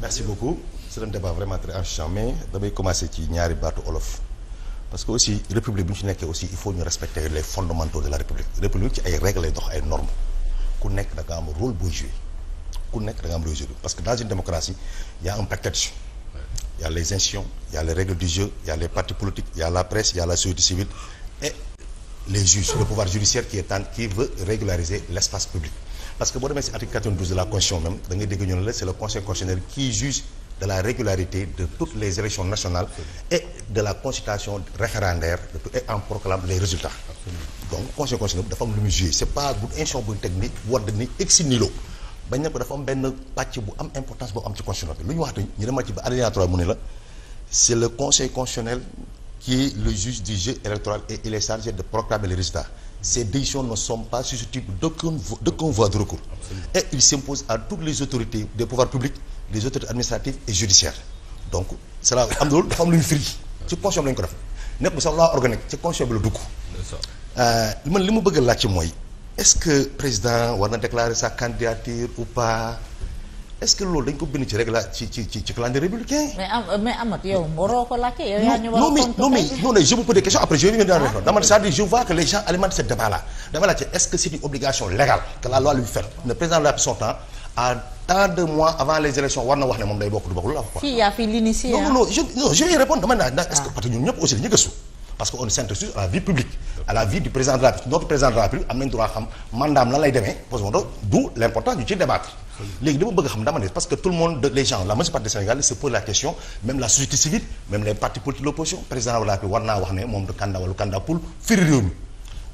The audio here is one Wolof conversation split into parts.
merci beaucoup c'est un débat vraiment très enrichissant mais damay commencer ci ñaari baatu olof parce que aussi république bu ñu ci nekkee aussi il faut ñu respecter les fondamentaux de la république république ci ay règles lay dox ay normes ku nekk da nga am rôle booy jouer ku nekk da nga am rôle parce que dans une démocratie il y a un package il y a les institutions il y a les règles du jeu il y a les partis politiques il y a la presse il y a la société civile et les juges le pouvoir judiciaire qui parce que boo demee si article 92 de la constitution même da ngay dégg ne la c' le conseil constitutionnel qui juge de la régularité de toutes les élections nationales et de la consultation référendaire et en proclame les résultats donc conseil constitutionnel dafa am lu muy jugé c' est pas bu institution bu technique wadd ni ex nihilo dafa am benn pàcc bu am importance boo am ci constitution bi lu ñu wax te ñu demal ci ba alinéa 3 mu ne la c' le conseil constitutionnel qui le juge du jeu électoral de proclamer les ces décisions ne sont pas susceptibles d'aucune voie de recours. Et il s'impose à toutes les autorités des pouvoirs publics, les autorités administratives et judiciaires. Donc cela am na loolu dafa am lu ñu firi ci constitution bi la ñu ko def nekk sax loi organique ci constitution bi la dugg. Euh, man li mu bëgg laaj mooy est-ce que président war na déclarer sa candidature ou est-ce que loolu dañ ko bind ci règle ci ci ci ci calendrier républicain. mais am mais Amath yow waroo ko laajte yow yaa ñu war a non mais non mais je vous pose des questions après je vais revenir dans ah, dama c'est-à-dire je vois que les gens alimentent ce débat là dama laajte est-ce que c'est une obligation légale que la loi lui fait le président de la son temps à tant de mois avant les élections war na wax ne moom day bokk du bokk lu la wax quoi. fii yaa fi l'initié non non je non je vais répondre dama naa naan est-ce que ah. parce que ñun ñëpp aussi dañuy gëstu. parce que on s'intéresse à la vie publique à la vie du président de la notre président de la République am nañ droit xam mandaam lan lay demee parce que d'où l'importance ñu ci débattre léegi li bëgg xam dama ne parce que tout le monde les gens la majeure partie des se pose la question même la société civile même les partis politiques de l'opposition président war naa wax ne moom du candidat wala candidat pour firi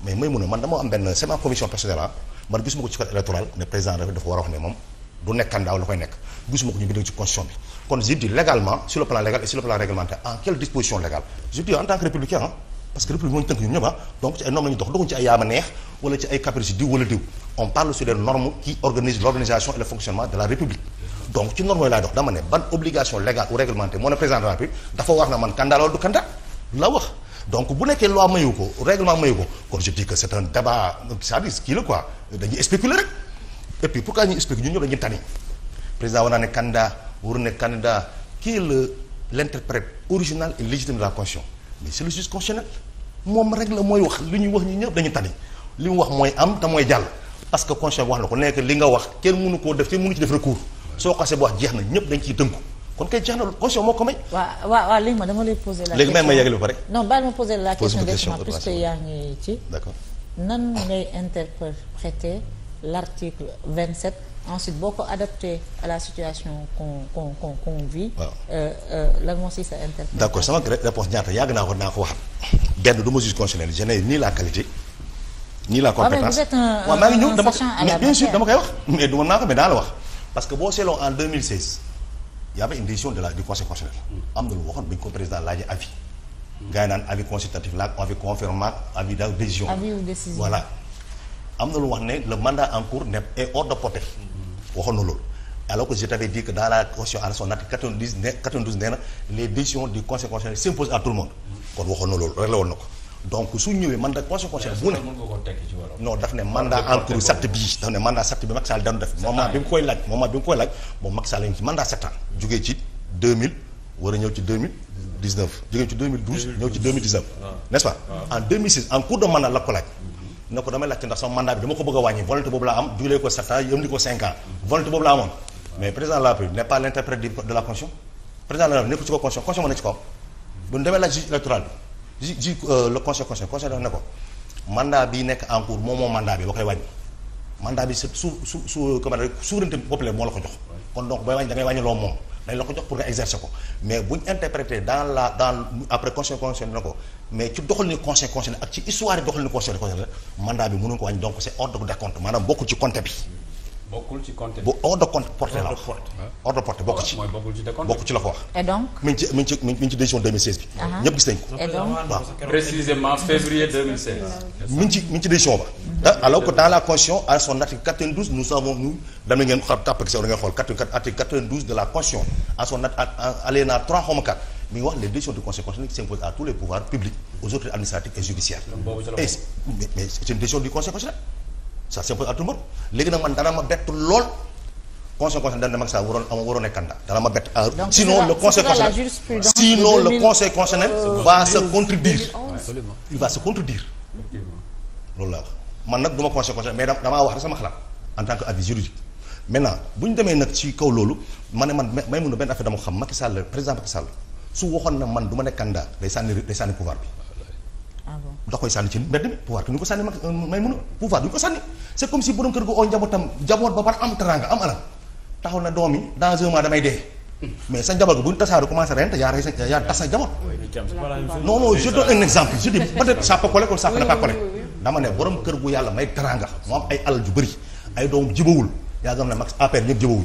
mais may mun man dama am benn c'est ma conviction ah. man gisuma ko ci code électoral ne président dafa war a wax ne moom du nekk candidat wala koy nekk gisuma ko ñu bind ci constitution bi kon je légalement on parle sur les normes qui organisent l'organisation et le fonctionnement de la République donc ci norme yooyu laay dox dama ne ban obligation légale ou réglementaire moo ne président de la wax na man candidat loolu du candidat la wax donc bu nekkee loi mayu ko règlement mayu ko kon je dis que c'est un débat c'est-à-dire kii la quoi dañuy spéculer rek et puis pourquoi ñuy expliquer ñun ñëpp dañuy tani président war naa ne candidat waru ne candidat qui est le l'interprète original et légitime de la constitution mais c'est moom rek la mooy wax li ñuy wax ñu ñëpp dañuy tani li mu wax mooy am te mooy jàll parce que conseil wax na ko nekk li nga wax kenn mënu koo def te mënu ci def recours soo xasee bu wax jeex na ñëpp dañ ciy dënku kon kay jeex na loolu conseil moo ko may. waaw waaw waaw léegi ma dama lay poser la léegi may ma yegale pare. non baal ma poser la question directement puisque boo ko adapté à la situation qu'on qu'on qu'on qu'on vit. waaw euh, euh, lan moo sama réponse ñaata yàgg naa ko naa ko waxat benn du ma juge constitutionnel je n'ai ni qualité. ni la ah, compétence waaw maa ngi ñëw dama koy wax mais du man maa ko mais daa wax parce que boo seetloo en 2016 y décision de la du conseil am na lu waxoon bu ñu ko président laajee avis gars yi naan avis consultatif la avis confirmant avis daal décision voilà am na lu wax ne le mandat en cours n'est est hors de portée waxoon na loolu alors que je t'avais nee na les décisions du conseil constitutionnel s'imposent tout le monde kon waxoon na loolu réglé woon na ko donc su ñëwee man da conseil conseil bu ne non daf ne mandat en cours sept bii daf ne mandat sept bi Macky Sall daan def moment bi mu koy laaj moment bi mu koy laaj moom Macky Sall lañ ci mandat sept ans jógee ci 2000 war a ñëw ci 2019 jógee ci 2012 ñëw ci 2019 ah. n'est-ce pas ah. en 2006 en cours de mandat la ko laaj ne ko damay laajte ndax sama mandat bi dama ko bëgg a wàññi volonté boobu laa am jugalee ko sept ans yëm ni ko cinq ans volonté boobu laa amoon mais président de la République n'est pas l'interprète de la constitution président de la République nekkul ci ko constitution constitution moo ne ci ko am bu ñu demee laaj juge électoral bi ju ju euh, le conseil conseil conseil daf ne ko mandat bi nekk en cours moom moom mandat bi ba koy wàññi mandat bi su su su su euh, comment dire souveraineté populaire moo la ko jox kon donc bay wàññi da ngay wàññi loo moom dañ la ko jox pour nga exercer ko mais bu interprété dans la dans après conseil conseil na ko mais ci doxalinu conseil conseil ak ci histoire yi doxalinu conseil conseil mandat bi mënuñu ko wàññi donc c'est hors de décompte maanaam bokkul ci compte bi bokkul ci compte bu la wax hors porté bokk ci bokk ci la ko wax. et donc ci mi ngi ci mi ngi ci décision bi. ñëpp gis nañ ko. et donc ci mi ngi ci décision ba. Ah, alors que dans la constitution à son article 92 nous avons nous dama ngeen xam tàpp ak sa war nga xool 94 article 92 de la constitution à son alinéa 3 xaw ma 4 mi ngi wax les décisions du conseil constitutionnel ça s'impose à tout le monde léegi nag man dana ma bett lool conseil constitutionnel dana ne Macky Sall ah, waroon am ah, waroon nekk candidat dana ma bett à ah, sinon le conseil constitutionnel sinon le conseil constitutionnel va se contredire il va se contredire loolu laa wax man nag du ma conseil mais damaa wax rek sama xalaat en tant que avis juridique maintenant bu ñu demee nag ci kaw loolu ma ne man may mun na benn affaire dama xam Macky Sall président Macky Sall su waxoon na man du ma nekk day sànni day sànni pouvoir bi da koy sànni ci mbedd mi pouvoir du ñu ko sànni may euh, mun a pouvoir ñu ko sànni c'est comme si borom kër ga oo njabootam njaboot ba pare am teranga am alal bu ñu tasaaroo commencé rent yaa rey sa yaa tas sa njaboot non non je donne un exemple je dis peut-être ça peut coller comme ça peut pas coller dama ju bëri ay doom jibawul yaa gam ne mag APR ñëpp jibawuñ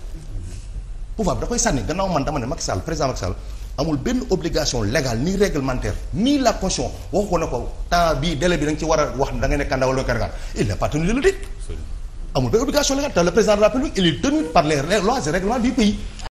pouvoir da koy sànni gannaaw man dama ne Macky président Macky amul benn obligation légale ni réglementaire ni la caution waxu ko ne ko temps bii délai bi da ci war a wax da nga ne Kanda wala Karga il n'a pas tenu de amul benn obligation légale te le président de la il tenu par les lois et règlements du